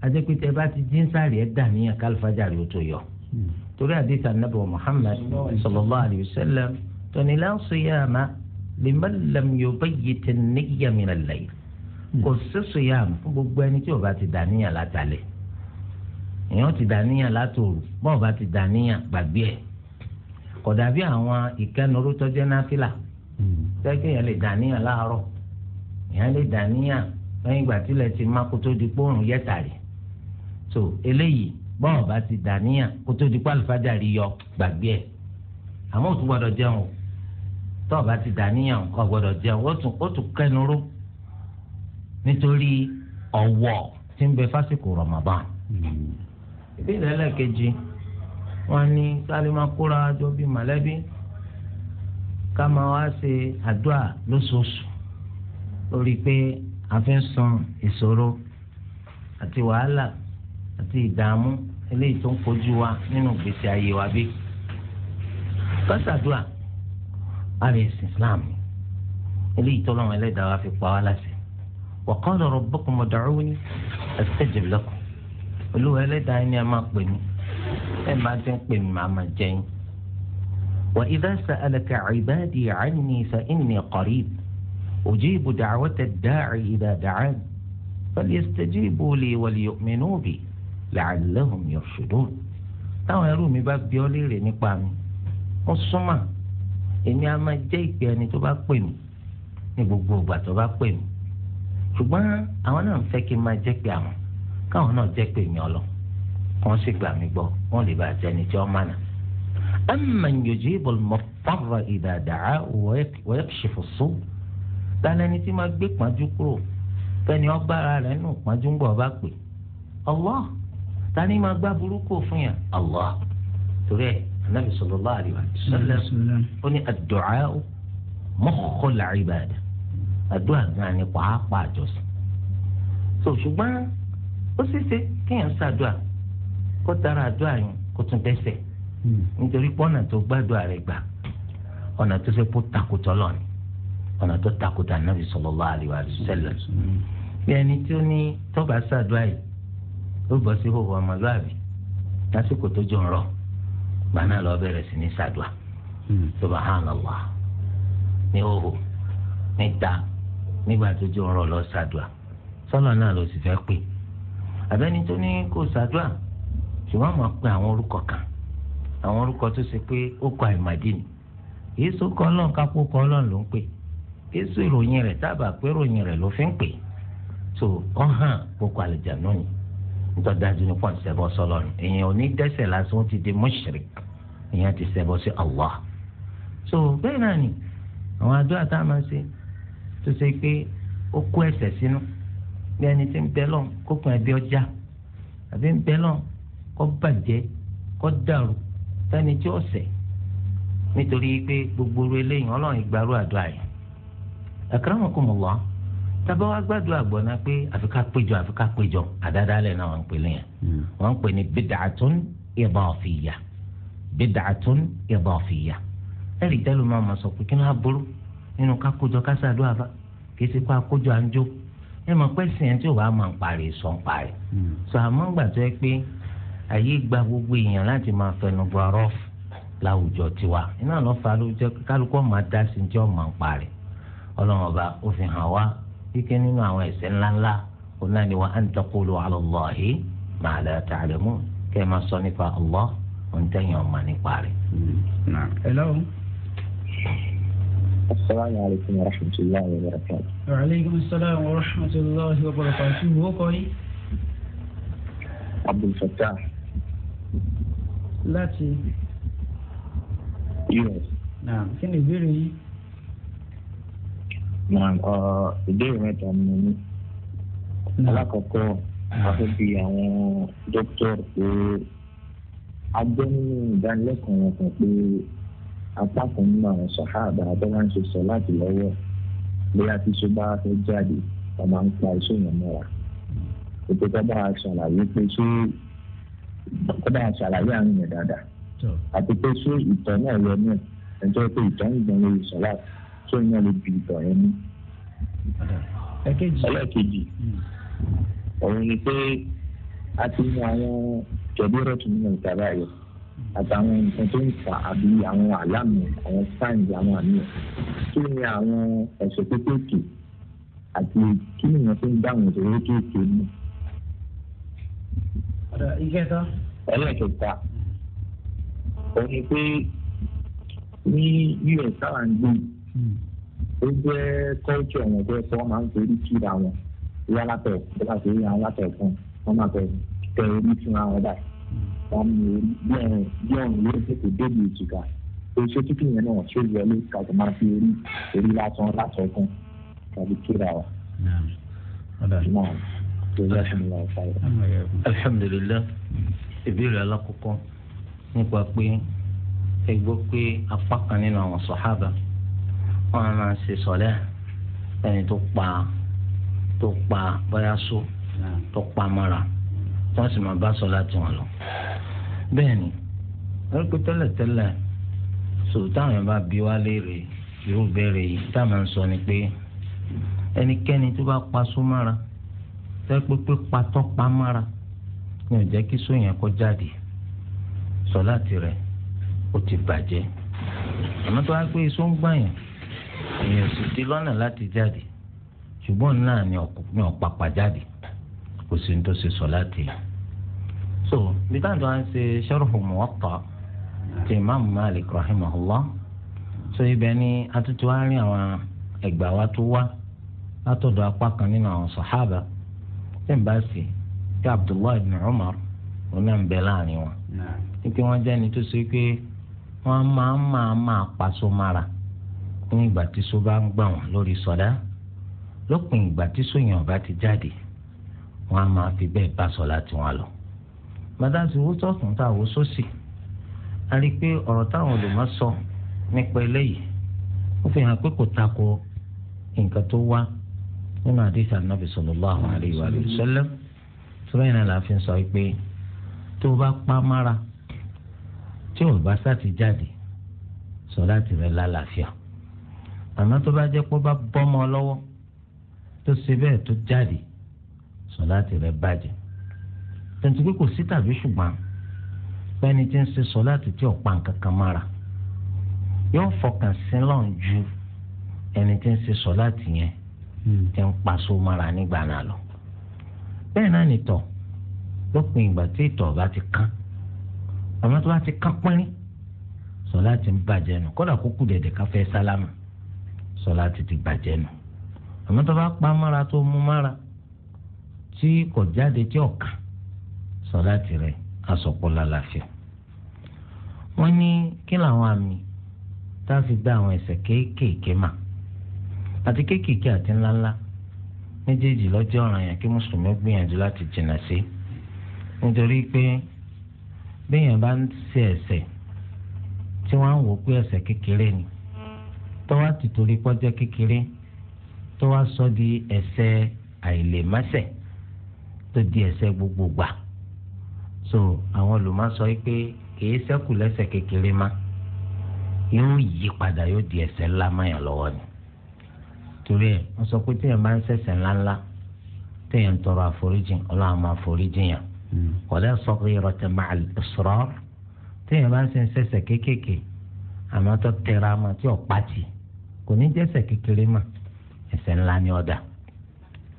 adékùtẹ́ bá ti jí sáré ẹ̀ dà níyàn kálífàjà rẹ̀ ó tó yọ torí àdìsá nàbẹ muhammad sallallahu alayhi wa sallam tóní la siyama liman lam yubayyit an-niyya min al-layl kò sí siyam fún gbogbo ẹni tí ó bá ti dàníyàn látàlẹ́ èèyàn ti dàníyàn látòrò bọ́ọ̀ bá ti dàníyàn gbàgbé ẹ̀ kò dàbí àwọn ìkẹnuró tó jẹ́ náfìlà tẹ́kẹ́ yẹn lè dàníyàn láàárọ̀ èèyàn lè dàníyàn lẹ́yìn ìgbà tílẹ̀ ti má kó di pòrùn yẹ́tàrí so eléyìí bọ́ọ̀ bá ti dàníyàn kó tó di pálífàjà rí yọ gbàgbé ẹ̀ àmọ́ òtún gbọ́dọ̀ jẹun tọ́ọ̀ bá ti dàníyàn kọ́ gbọ́dọ̀ jẹun ó tún kẹnu ró nítorí ọ̀wọ̀ tí ń bẹ fásitì Ramadan. ìbéèrè ẹlẹ́ẹ̀kejì wọn ní sálímà kóra jọ bíi mọ̀lẹ́bí ká máa wá ṣe àdúrà lóṣooṣù lórí pé a fi ń san ìṣòro àti wàhálà àti ìdààmú eléyìí tó ń kojú wa nínú gbèsè ayé wa bí kásádùá àrẹ ẹ̀sìn islam eléyìí tó lọ́wọ́ ẹlẹ́dàá wa fi pa wá láṣẹ wa qala rabbukum ud'uni astajib lakum olúwa ẹlẹ́dàá ni ẹ máa pè mí ẹ bá ti ń pè mí màá máa jẹ yín. wa idha sa'alaka 'ibadi 'anni fa inni qarib ujibu da'wata ad-da'i idha da'an falyastajibu li wa liyu'minu bi. la'allahum yarshudun táwọn ẹrú mi bá bi ọ́ léèrè nípa mi ó súnmọ́ èmi á máa jẹ́ ìpè ẹni tó bá pè mí ní gbogbo ìgbà tó bá pè mí ṣùgbọ́n àwọn náà ń fẹ́ kí n máa jẹ́ pé àwọn káwọn náà jẹ́ pé mi ọlọ wọ́n sì gbà mí gbọ́ wọ́n lè bá jẹ́ni tí wọ́n mánà. amman yujibul mọ̀fọ́rọ̀ ìdàdàá wẹ́ẹ̀ṣẹ̀fọ̀ só dalẹ́ni tí máa gbé pọ́njú kúrò fẹ́ni ọgbára rẹ̀ nù pọ́njú ń bọ̀ bá pè Allah tani máa gbá burúkú fún yàn allah torí ẹ anabi sallallahu alaihi wasallam ó ní àdúà mukhul ibada àdúrà náà ni pàápàá àjọsìn so ṣùgbọ́n ó ṣeéṣe kéèyàn ṣàdúrà kó dára àdúrà yẹn kó tún dẹ́ṣẹ̀ hmm. nítorí pọ́nà tó gbàdúrà rẹ̀ gbà ọ̀nà tó ṣe kó takùtọ̀ lọ́ni ọ̀nà tó takùtà anabi sallallahu alaihi wasallam hmm. bí ẹni tí ó ní tọ́ba ṣàdúrà yìí ló bọ́ sí ìhòòhò ọmọlúàbí lásìkò tó jọ ń rọ gbà lọ bẹ̀rẹ̀ sí ní sàdúà hmm. subhanallah ní òhò níta nígbà tó jọ rọ lọ sàdúà sọlọ náà ló sì fẹ́ pè àbẹ́ni tó ní pe àwọn orúkọ kan àwọn orúkọ tó ṣe pé ó kọ àìmàdínì èso kọ ọlọ́run kápó kọ ọlọ́run ló pé ìròyìn rẹ̀ ló fi ń pè so ọ̀hán kókó àlejò náà nítorí dájú ni pọ́n ṣẹbọ sọlọ ni èèyàn ò ní dẹ́ṣẹ̀ lásán ti di mushrik èèyàn ti ṣẹbọ sí Allah so bẹ́ẹ̀ náà ni àwọn àdúrà tá a máa ṣe tó ṣe pé ó kó ẹ̀ṣẹ̀ sínú bí ẹni tí ń bẹ lọ kó kún ẹbí ọjà àbí ń bẹ lọ kó bàjẹ́ kó dàrú tani tí ó ṣẹ̀ nítorí pé gbogbo eléyìí ọlọ́run ìgbàrú àdúrà yìí akramakumullah tàbá wá gbàdúrà gbọ́ná pé àfi ká péjọ àfi ká péjọ àdádálẹ̀ náà wọ́n ń pè léyìn hmm. wọ́n ń pè ní bid'atun idafiyya bid'atun idafiyya ẹ̀rí tẹ́lu máa ma sọ pé kí ló á burú nínú ká kójọ ká ṣàdúrà bá kì í ṣe kó àkójọ à ń jó ẹ mọ̀ pé sìn ẹ́ tí ò bá máa ń parí sọ̀ ń parí sọ hmm. àmọ́ gbà tó yẹ pé àyè gba gbogbo èèyàn láti máa fẹnu bọ rọ́ọ̀fù láwùjọ tiwa iná lọ́ọ́ fa ló kálukọ́ máa dá sí ní tí ò máa ń parí ọlọ́run ó fi hàn wá kíkẹ́ nínú àwọn ẹ̀ṣẹ̀ ńláńlá òun náà ni wa an taqulu ala Allahi ma la ta'lamun kẹ́ ẹ máa sọ nípa Allah òun tẹ̀yìn ọmọ nípa rẹ̀. hello. asalaamu alaykum wa rahmatulahi wa barakatuh. wa aleykum salaam wa rahmatulahi wa barakatuh. wo kọ́ yìí. abdulfatah. láti. us. kí ni ìbéèrè yìí naam ah, ìbéèrè mẹ́ta ni mo ní. alákọ̀ọ́kọ́ afẹ́fi ah. àwọn dókítà pé a gbọ́ nínú ìdánilẹ́kọ̀ọ́ wọn kan pé apá kan nínú àwọn sàhábà abẹ́rẹ́ ń ṣe sọ láti lọ́wọ́ bóyá tí iṣẹ́ bá fẹ́ jáde wọ́n máa ń pa iṣẹ́ yẹn mọ́ra. ètò tó bá a ṣàlàyé pé ṣé tó bá a ṣàlàyé àrùn yẹn dáadáa àti pé ṣé ìtọ̀ náà yọ náà ẹjọ́ pé ìtọ̀ ń gbọ́n lórí sọ́láàtì tó yàn lè bi ìtàn yẹn ní. ẹlẹ́kejì ọ̀run ni pé a ti mú àwọn jẹ̀bẹ́rẹ́ tó nínú ìtara yẹn àtàwọn nǹkan tó ń fà àbí àwọn àlámì àwọn sáìnì àwọn àmì kí ni àwọn ẹ̀sọ́ kéékèèké àti kí ni wọ́n fi ń dá àwọn ìṣòro kéékèèké mú. ẹlẹ́kẹta òun ni pé ní us táwọn ń gbé yìí ó kọ́ọ̀tù ọ̀wọ̀n bẹ́ẹ̀ fọ́ máa ń torí kíra wọn ìyá látọ̀ tó látọ̀ fún wọn máa fẹ́ tẹ orí fún àwọn báyìí wọn mú orí bí ọ̀run bí ọ̀run tètè débi ìtùkà oṣù títí yẹn náà ṣó wọlé kàtó máa fi orí orí lásán látọ̀ fún tàbí kíra wa. alhamdulilayi ìbéèrè alákọ̀ọ́kọ́ nípa pé ẹ gbọ́ pé apá kan nínú àwọn sàhábà wọn a máa ṣe sọlẹ ẹni tó pa tó pa bóyá so tó pa mọ́ra tí wọ́n sì máa bá sọlá tiwọn lọ. bẹ́ẹ̀ ni wọ́n pe tẹ́lẹ̀tẹ́lẹ̀ sòtáwọn yẹn bá bí wá léèrè irú béèrè yìí tá a máa ń sọ ni pé ẹnikẹ́ni tó bá pa so mọ́ra tẹ́ pé pé patọ́ pa mọ́ra ni ò jẹ́ kí so yẹn kó jáde sọlá tirẹ̀ ó ti bàjẹ́ àmọ́ tó wá pé so ń gbà yẹn. èèyàn sì ti lọ́nà láti jáde ṣùgbọ́n náà ni ọ̀pọ̀pọ̀ ọ̀pàpà jáde kò sí ní tó ṣe sọ so bí táwọn tó ń ṣe sharhu Muwatta ti imam Malik Allah so ibẹ̀ ni atútù á rí àwọn ẹgbàá wa tó wá látọ̀dọ̀ apá kan nínú àwọn sàhábà tí n bá sì tí Abdullahi ibn Umar láàrin wọn. ní wọ́n jẹ́ tó ṣe ní ìgbà tí so bá ń gbà wọn lórí sọlá lópin ìgbà tí sóyìn ọba ti jáde wọn a máa fi bẹ́ẹ̀ bá sọlá tiwọn lọ madasi wo sọ̀tún tá a wo sósì a rí i pé ọ̀rọ̀ táwọn olùmọ̀ sọ nípa eléyìí ó fi hàn pé kò takò nǹkan tó wá nínú àdìsí ànábì sallallahu alayhi wa sallam sọlẹ́yìn náà la fi sọ pé tó bá pa mára tí ò bá sá ti jáde sọlá tirẹ̀ lálàáfíà. La àmọ́ tó bá jẹ́ pé ó bá bọ́mọ lọ́wọ́ tó ṣe bẹ́ẹ̀ tó jáde sọláàtì rẹ̀ bàjẹ́ tẹ̀sí pé kò sí tàbí ṣùgbọ́n pẹ́ni tí ń ṣe sọláàtì tí ọ̀pá nǹkan kan mára yóò fọkàn sí lọ́n ju ẹni tí ń ṣe sọláàtì yẹn hmm. tí ń paṣọ mára nígbà náà lọ bẹ́ẹ̀ náà nìtọ̀ lópin ìgbà tí ìtọ̀ bá ti kán àmọ́ tó bá ti kán pínrín sọláàtì ń bàjẹ́ nù kódà kó dẹ̀dẹ̀ ká fẹ́ sálámù sọlá ti ti bàjẹ́ nù àmọ́ tó bá pa mára tó mú mára tí kò jáde tí ọ̀kan sọlá ti rẹ̀ asọ̀pọ̀ lálàáfíà wọ́n ní kí làwọn àmì tá a fi gba àwọn ẹ̀ṣẹ̀ kéékèèké mà àti kéékèèké àti ńláńlá méjèèjì lọ́jọ́ ọ̀ràn yẹn kí mùsùlùmí gbìyànjú láti jìnnà sí nítorí pé béèyàn bá ń ṣe ẹ̀ṣẹ̀ tí wọ́n á wò ó pé ẹ̀ṣẹ̀ kékeré ni tọ́wá tìtorí pọ́jọ́ kékeré tọ́wá sọ di ẹ̀ṣẹ̀ àìlèmẹ́ṣẹ̀ tó di ẹ̀ṣẹ̀ gbogbogbà so àwọn olùmọ̀ sọ pé kìí ṣẹ́kù lẹ́ṣẹ̀ kékeré má yóò yí padà yóò di ẹ̀ṣẹ̀ ńlá máyà lọ́wọ́ ni torí ẹ̀ wọ́n sọ pé téèyàn bá ń ṣẹ̀ṣẹ̀ ńláńlá téèyàn ń tọrọ àforíjìn ọlọ́run máa foríjìn yàn hmm. wala saghiratan ma'al israr téèyàn bá ń ṣẹ̀ṣẹ̀ kéékèèké àmọ́ tó tẹra mọ́ tí ò pàtì kò ní jẹ́sẹ̀ kékeré mà ẹ̀ṣẹ̀ ńlá ni ọ̀dà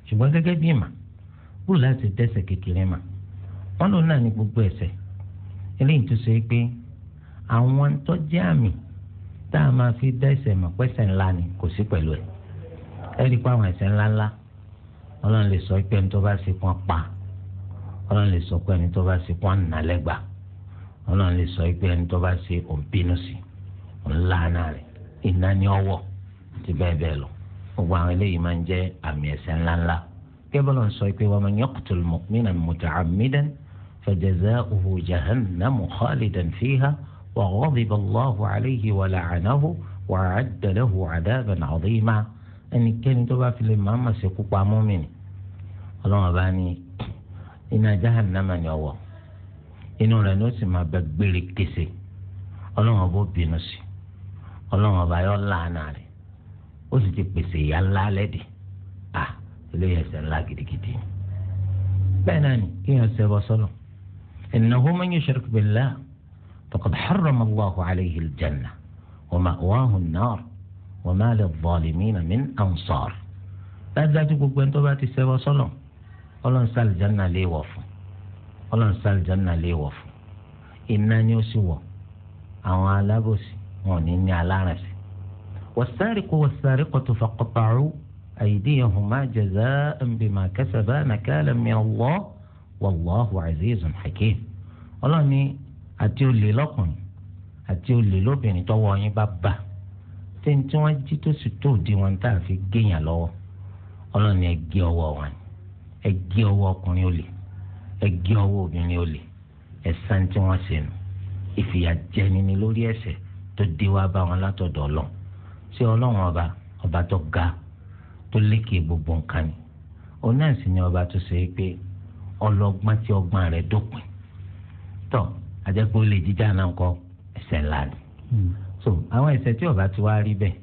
ṣùgbọ́n gẹ́gẹ́ bí ìmà bó láti dẹ́ṣẹ̀ kékeré mà wọ́n lòun náà ní gbogbo ẹ̀ṣẹ̀ eléyìí tó ṣe pé àwọn tó jẹ́ àmì tá a máa fi dẹ́ṣẹ̀ mọ̀ pẹ́ṣẹ̀ ńlá ni kò sí pẹ̀lú ẹ̀ ẹ rí i pé àwọn ẹ̀ṣẹ̀ ńláńlá ọlọ́run lè sọ pé ẹni tó bá ṣe pọ́n pa ọlọ́run lè sọ pé ẹni tó bá ṣe pọ́n nàlẹ́gbà ọlọ́run lè sọ pé ẹni tó bá ṣe òbínú sí ńlá náà rẹ̀ ìnáni ọwọ́ àti bẹ́ẹ̀ bẹ́ẹ̀ lọ gbogbo àwọn eléyìí máa ń jẹ́ àmì ẹ̀ṣẹ̀ ńláńlá kébọlọ ń sọ pé wa man yaqtul mu'minan muta'ammidan fajaza'uhu jahannamu khalidan fiha wa ghadiba Allahu alayhi wa la'anahu wa a'adda lahu 'adaban 'azima ẹnikẹ́ni tó bá fi lè máa ma mọ́mìnì ọlọ́run bá ní iná jahannama ni ọwọ́ inú rẹ̀ ni sì máa bẹ gbére kése ọlọ́run bó bínú sí ọlọ́run bá yọ láàánà rẹ̀ ó sì ti pèsè ìyá ńlá lẹ́dí à eléyìí ẹ̀ṣẹ̀ ńlá gidigidi bẹ́ẹ̀ náà ni kéèyàn ṣẹbọ sọ́lọ̀ innahu man yushrik billah faqad harrama Allahu alayhi al-janna wa ma'wahu an-nar wa ma lil-zalimina min ansar dájúdájú gbogbo ẹni tó bá ti ṣẹbọ sọ́lọ̀ ọlọ́run sí àlùjánnà lè wọ̀ fún ọlọ́run sí àlùjánnà lè wọ̀ fún iná ó sì wọ̀ àwọn alábòsí wọn ò ní ní alárànṣ والسارق والسارقة فقطعوا أيديهما جزاء بما كسبا نكالا من الله والله عزيز حكيم الله ني àti olè lọkùnrin àti olè lóbìnrin tọ́wọ́ yín bá bà tí n tí wọn jí tó sì tó di wọn tá a fi géèyàn lọ́wọ́ ọlọ́ni ẹ gé ọwọ́ wọn ẹ gé ọwọ́ ọkùnrin olè ẹ gé ọwọ́ obìnrin olè ẹ san tí wọn ṣe nù ìfìyàjẹni ni lórí ẹ̀ṣẹ̀ tó dé wá bá wọn látọ̀dọ̀ Ọlọ́run sí ọlọ́run ọba ọba tó ga tó lékè gbogbo nǹkan ni òun náà sì ni ọba tó ṣe é pé ọlọ́gbọ́n tí ọgbọ́n rẹ̀ dópin tó àjẹpọ̀ olè jíjà náà kọ ẹ̀ṣẹ̀ ńlá ni hmm. so àwọn ẹ̀ṣẹ̀ tí ọba ti wá rí bẹ́ẹ̀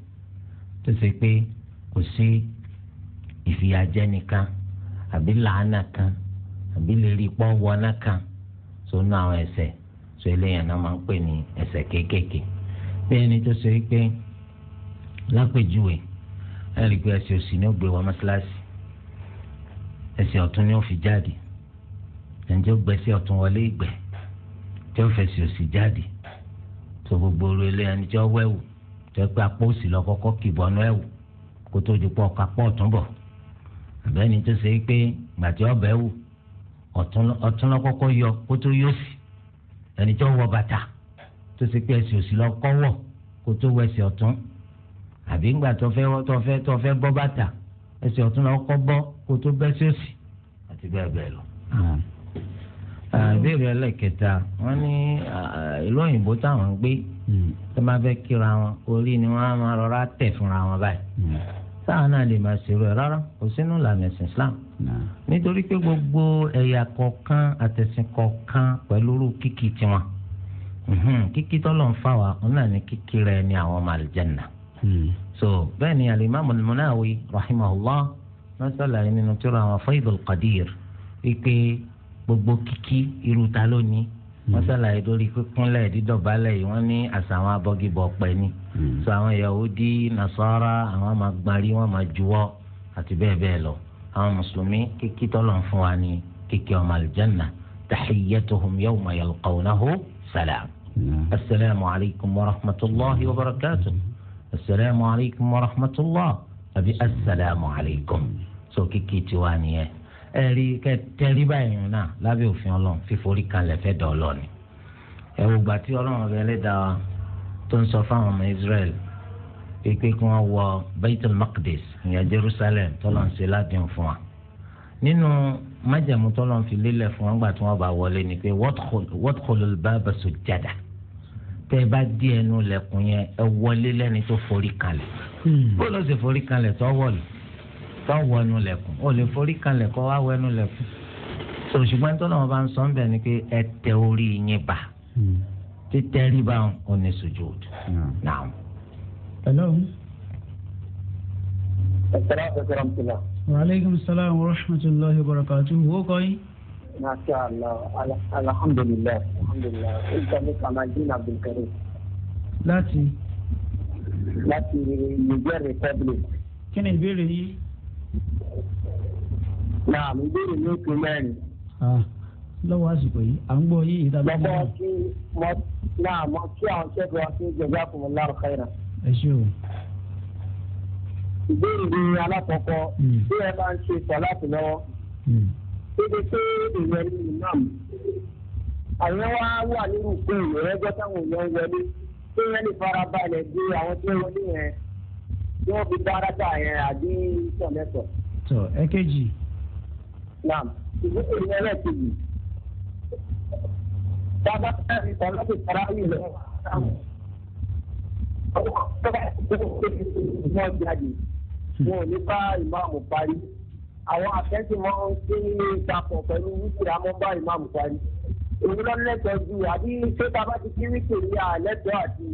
tó ṣe pé kò sí ìfìyàjẹni kan àbí làánà kan àbí lérí pọ́nwọ́nà kan tó ná àwọn ẹ̀ṣẹ̀ tó eléyàn náà máa ń pè ní ẹ̀ṣẹ̀ kéékèèké bí ẹni tó ṣe pé lápèjúwe ẹ̀rí pé ẹsẹ̀ òsì ni ó gbé wá mọ́ṣáláṣí ẹsẹ̀ ọ̀tún ni ó fi jáde ẹ̀ǹjẹ́ ó gbẹ́sẹ̀ ọ̀tún wọlé ìgbẹ́ tí ó fẹsẹ̀ òsì jáde tó gbogbo orí ẹlẹ́yà ni tí ó wẹ̀wù tó ẹ pé apó òsì lọ kọ́kọ́ kì bọ́nú ẹ̀wù kó tó di pọ̀ ọ̀ka pọ̀ ọ̀tún bọ̀ tó ṣe pé gbàtí ọ̀bẹ̀ wù ọ̀tún lọ kọ́kọ́ yọ kó tó yọ sí ẹni tó wọ bàtà tó ṣe pé ẹsẹ̀ òsì lọ kọ́ kó tó wọ ẹsẹ̀ ọ̀tún àbí ńgbà tọ́fẹ́ tọ́fẹ́ tọ́fẹ́ bọ́ bàtà ẹsẹ̀ ọ̀tún náà kọ́ bọ́ kó tó bẹ́ sí òsì àti bẹ́ẹ̀ bẹ́ẹ̀ lọ. ìbéèrè ẹlẹ́kẹta wọ́n ní ìlú òyìnbó táwọn ń gbé hmm. tó máa fẹ́ kíra wọn orí ni wọ́n á máa rọra tẹ̀ fúnra wọn báyìí hmm. táwọn náà lè máa ṣèrò ẹ̀ rárá kò sínú ìlànà ẹ̀sìn Islam nítorí pé gbogbo ẹ̀yà kọ̀ọ̀kan àtẹ̀sìn kọ̀ọ̀kan pẹ̀lú irú kíkì tiwọn kíkì tọ́lọ́ ń fà wá òun náà ní kíkì rẹ̀ ní àwọn ọmọ àlùjànnà Hmm. so bẹ́ẹ̀ ni alimami munawi rahimahullah masala yìí nínú tíra àwọn faidul qadir wípé gbogbo kíkí irú ta lónìí masala yìí lórí pípínlẹ̀ dídọ̀bálẹ̀ yìí wọ́n ní àṣà àwọn abọ́gibọ̀ pẹ̀ ni hmm. so àwọn yahudi nasara àwọn máa gbarí wọn máa juwọ́ àti bẹ́ẹ̀ bẹ́ẹ̀ lọ àwọn mùsùlùmí kíkí tọ́lọ̀ ń fún wa ní kíkí ọmọ àlùjánnà tahiyyatuhum yawma yalqawnahu salam hmm. asalaamu wa rahmatulahi wa barakatuh asalaamu alaykum wa rahmatulah àbí asalaamu alaykum so kíkì tiwa nìyẹn ẹ rí kẹ tẹrí báyìí náà lábẹ́ òfin Ọlọ́run fíforí kanlẹ̀ fẹ́ dọ̀ ọlọ́ni ẹ wò gbà tí Ọlọ́run ọbẹ̀ ẹlẹ́dàá wa tó ń sọ fáwọn ọmọ Israel pé kí wọ́n wọ Baitul Maqdis ìyẹn Jerusalem tọ́lọ́ ń ṣe ládìhùn fún wa nínú májẹ̀mú tọ́lọ́ ń fi lélẹ̀ fún wa gbà tí wọ́n bá wọlé ni pé wadkhulul baba sujjada tẹ́ ẹ bá dí ẹnu lẹ̀kùn yẹn ẹ wọlé lẹ́ni tó forí kalẹ̀ hmm. bó ló ṣe forí kalẹ̀ tó wọlé tó wọnú lẹ̀kùn ó lè forí kalẹ̀ kó wá wẹnu lẹ̀kùn tó ṣùgbọ́n tó náà bá ń sọ ń bẹ̀ ni pé ẹ tẹ orí yín bá hmm. títẹ́ rí bá ò ní sujud hmm. náà. hello. asalaamualeykum salaam wa rahmatulahi wa barakatuhu wo kọ́ yín masha allah alhamdulilayi alhamdulilayi o jẹ ní kamadin abdulkarim. láti. láti niger republic. kí ni ìbéèrè yìí. náà mi béèrè ní oṣù mẹ́rin. lọ́wọ́ àsìkò yìí à ń gbọ́ yí ìdájọ́ mọ́. lọ́wọ́ kí mo náà mo kí àwọn ṣẹ́gun wa kí jẹ̀dá fún mi lára kẹ́rà. ẹ ṣé o. ìbéèrè ni alákọ̀ọ́kọ́ hmm. bí ẹ bá ń ṣe sọ láti lọ́wọ́. Hmm débi pé ìwẹ̀ ni imam àwọn wa wà nínú ìpè ìwẹ̀ ẹgbẹ́ táwọn èèyàn ń wọlé tí wọ́n lè fara balẹ̀ gbé àwọn tí wọ́n wọlé yẹn tí wọ́n fi dára dà yẹn àbí sọ̀mẹ́sọ̀. tọ ẹ̀kejì. naam ìdíje ìwẹ̀ rẹ̀ kejì bàbá fẹ́ẹ́ ìtọ́lá ti fara yìí lọ. wọ́n jáde wọn ò ní bá ìmáàmù parí àwọn àfẹ́sí máa ń gbé papọ̀ pẹ̀lú wíkìrì amọ́bá ìmáàmù parí èyí lọ lẹ́tọ̀ọ́ ju àbí ṣé tá a bá ti kí wíkìrì àlẹ́tọ̀ọ́ àti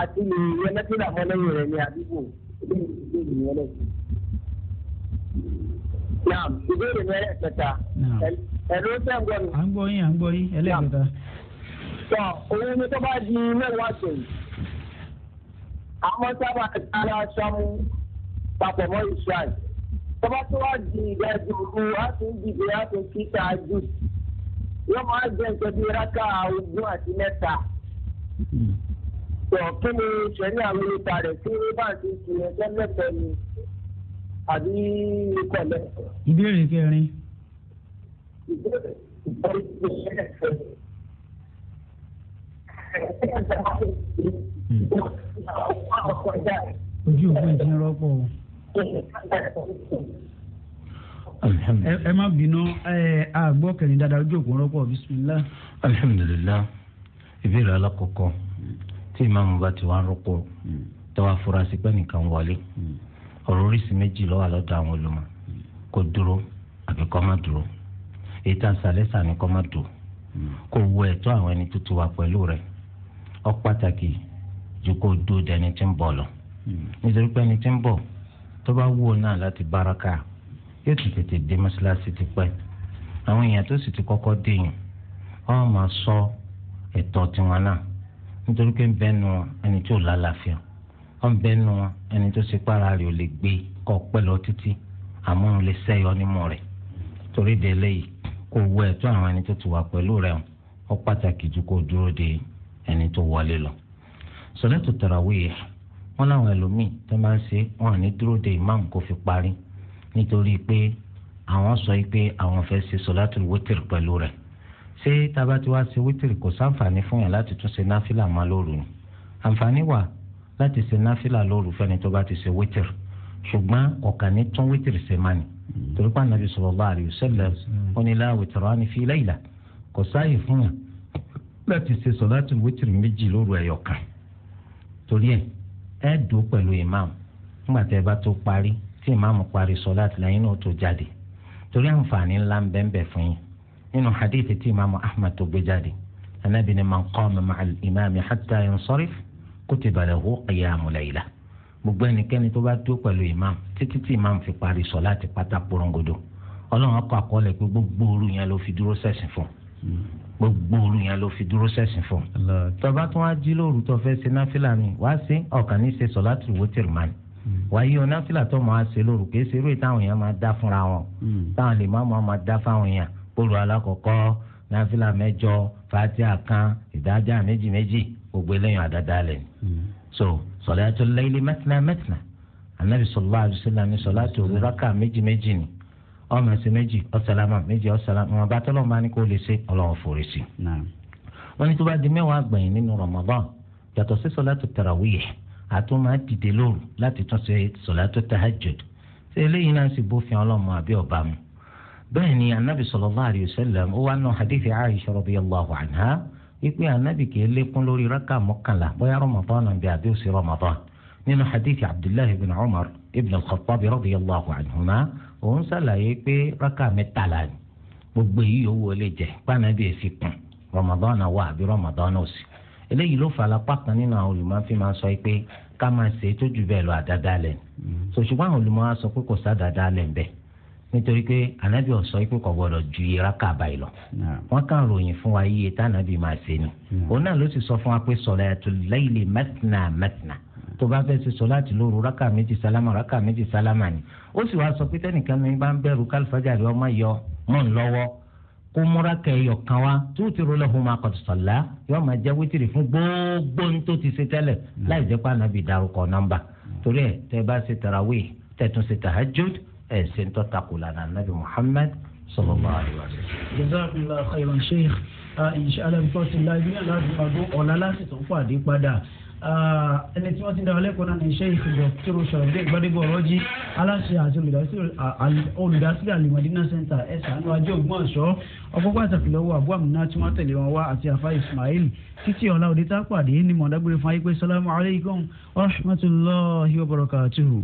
àti ìyẹn mẹ́tìlá mọ́lẹ́yìn rẹ̀ ní àdúgbò ilé ìgbéyìí naam ìbéèrè mi ẹlẹ́kẹta ẹ̀rọ tẹ̀ ń gbọ́ mi. à ń gbọ́ yín à ń gbọ́ yín ẹlẹ́kẹta. tọ òun ni tó bá di mẹ́wàá sẹ́yìn àmọ́ sábà kára sọ́mú papọ̀ mọ́ ìṣáì tọ́ba tó wá di ìdájọ́ òru á tún dìde á tún kí ṣáájú yóò máa jẹ nǹkan bíi rákà ogún àti mẹ́ta. tọ́ kí ni sẹ́ni àwọn olùta rẹ̀ tí wọ́n bá ti kì í ẹgbẹ́ mẹ́tọ́ ni àbí kọ̀lẹ́. ìbéèrè kẹrin. ìbéèrè ìbéèrè ìbéèrè kẹrin. Hmm. ojú òkú ìdí rọpò o. ẹ má bínú àgbọ̀ kẹrin dáadáa ojú òpó rọ́pò bisimilá. alhamdulilah ìbéèrè alákọ̀ọ́kọ́ tí ìmáàmù bá ti wá ń rọ́pò afurasí pé nìkan wọlé ọ̀rọ̀ oríṣi méjì ló wà àwọn olùmọ̀ kó dúró àbí kó má dúró èyí tá a sàlẹ̀ sàní kó má dúró wo ẹ̀tọ́ àwọn ẹni tó ọ pàtàkì ju kó dẹni tí ń bọ̀ lọ hmm. nítorí pé tó bá wù ú náà láti báraka yóò ti tètè dé mọ́ṣáláṣí ti pẹ́ àwọn èèyàn tó sì ti kọ́kọ́ dèèyàn wọ́n máa sọ ẹ̀tọ́ tiwọn náà nítorí pé ń bẹ́nu ẹni tó lálàáfíà wọ́n ń bẹ́nu ẹni tó ṣe pára rẹ̀ ò lè gbé kọ́ pẹ́ lọ títí àmọ́ ń lè sẹ́yọ nímú rẹ̀ torí délé yìí kó wọ ẹ̀tọ́ àwọn ẹni tó ti wà pẹ̀lú rẹ̀ ó pàtàkì ju kó dúró de ẹni tó wọlé lọ. sọlẹ́tù tarawih wọn láwọn ẹlòmíì tó máa ń ṣe wọn à ní dúró de ìmáàmù kó fi parí nítorí pé àwọn sọ pé àwọn fẹ́ ṣe sọ̀látù wítìrì pẹ̀lú rẹ̀ ṣé tábà tí wàá ṣe wítìrì kò sáǹfààní fún yàn láti tún ṣe náfìlà máa lóru ni àǹfààní wà láti ṣe náfìlà lóru fẹ́ni tó bá ti ṣe wítìrì ṣùgbọ́n ọ̀kan ní tún wítìrì ṣe máa ní torí pé ànábì sallallahu alayhi wa sallam ó ní la witrani fi layla kò sáàyè fún yàn láti ṣe sọ̀látù wítìrì méjì lóru ẹ̀yọ̀kan torí ẹ̀ ẹ dùn pẹ̀lú imam nígbà tẹ́ ẹ bá tó parí tí imam parí sọláàtì lẹ́yìn náà tó jáde torí àǹfààní ńlá ń bẹ́ẹ̀ bẹ́ẹ̀ fún yín nínú hadithi tí imam ahmed tó gbé jáde anabi ni man qama ma'al imam hatta yansarif kutiba lahu qiyamu layla gbogbo ẹnikẹ́ni tó bá dúró pẹ̀lú imam títí tí imam fi parí sọláàtì pátá porongodo ọlọ́run ọkọ̀ àkọọ́lẹ̀ pé gbogbo òru yẹn ló fi dúró sẹ́sìn fún gbogbo òru yẹn ló fi dúró sẹ́sìn fún un. tọ́ba tó wá jí lóru tó fẹ́ ṣe náfìlà mi wá sí ọ̀kan ní ṣe sọ̀láàtì wótìrì mọ́ni. Hmm. wáyé o náfìlà tó máa ṣe lóru kìí ṣe eré táwọn èèyàn máa dá fúnra wọn hmm. táwọn lè má máa dá fáwọn èèyàn bóru alákọ̀ọ́kọ́ náfìlà mẹ́jọ fatia kan ìdájà méjì méjì gbogbo eléyàn àdáda lẹ̀ ni. Hmm. so sọ̀láàtì láylì mẹ́tìnà mẹ́tìnà anábì sallallahu alaihi wasallam ní sọ̀láàtì òru rákà méjì méjì ni ọmọ ẹsẹ méjì ọsàlámà méjì ọsàlámà ọba tó lọ́ọ́ máa ní kó lè ṣe ọlọ́wọ́ forí sí. wọ́n ní tó bá di mẹ́wàá gbẹ̀yìn nínú Ramadan yàtọ̀ sí sọ́látù tarawih àtún máa dìde lóru láti tún ṣe sọ́látù tahajjud ṣé eléyìí náà sì bófin ọlọ́mọ àbí ọba mu. bẹ́ẹ̀ ni anabi sallallahu alayhi wa sallam ó wá nù hadithi aisha radiyallahu anha wípé anabi kì í lékún lórí rákà mọ́kànlá bóyá Ramadan náà bí àbí òun ṣàlàyé pé rákà mẹ́tàlá ni gbogbo èyí yóò wọlé jẹ pàànàbí èsì kùn Ramadan wà àbí Ramadan ò sí eléyìí ló fà lápá kan nínú àwọn olùmọ̀ fi máa sọ pé ká máa ṣe é tó jù bẹ́ẹ̀ lọ àdáadáa lẹ̀ ni mm. so ṣùgbọ́n àwọn olùmọ̀ á sọ pé kò sádàádáa lẹ̀ ń bẹ̀ nítorí pé ànábì ó sọ pé kò gbọdọ̀ ju iye rákà báyìí lọ wọ́n kàn ròyìn fún wa iye tá ànábì máa ṣe ni mm. òun náà ló sì sọ fún wa pé salatul layli matna matna tó bá fẹ́ ṣe sọ̀láàtì lóru rákà méjì sálámà rákà méjì sálámà ni ó sì wá sọ pé tẹ́nìkan mi bá ń bẹ̀rù kálífàjárì ọmọ yọ mọ́ ń lọ́wọ́ kó múra kẹyọ kan wa tó ti rọlẹ́ fún ma kọ̀tù sọ̀lá yọ máa jẹ́ wítìrì fún gbogbo ní tó ti ṣe tẹ́lẹ̀ hmm. láì jẹ́ pé ànábì dárúkọ nọ́mbà hmm. torí ẹ̀ tẹ́ bá ṣe tarawih tẹ́ tún ṣe tahajjud ẹ̀ ṣe ń tọ́ta kò lànà ànábì Muhammad sallallahu alaihi wasallam. jazakumullahu khairan sheikh inshallah bí wọ́n ti Ah, ẹni tí wọ́n ti ń dáwọ́ lẹ́kọ̀ọ́ náà ní iṣẹ́ ìṣèjọ tí o sọ̀rọ̀ bí ìgbàdégbò ọ̀rọ̀ jí aláṣẹ àti olùdásílẹ̀ alimọ̀dínà center ẹ̀sà ní ajé ògbóǹṣọ́ ọkọ̀ pàtàkì lọ́wọ́ àbú àmúná tí wọ́n tẹ̀lé wọn wá àti àfa ismail títí ọ̀la òde tá a pàdé ní mọ̀ọ́dágbére fún ayé pé sálámù alaykum wa rahmatulahi wa barakatuhu.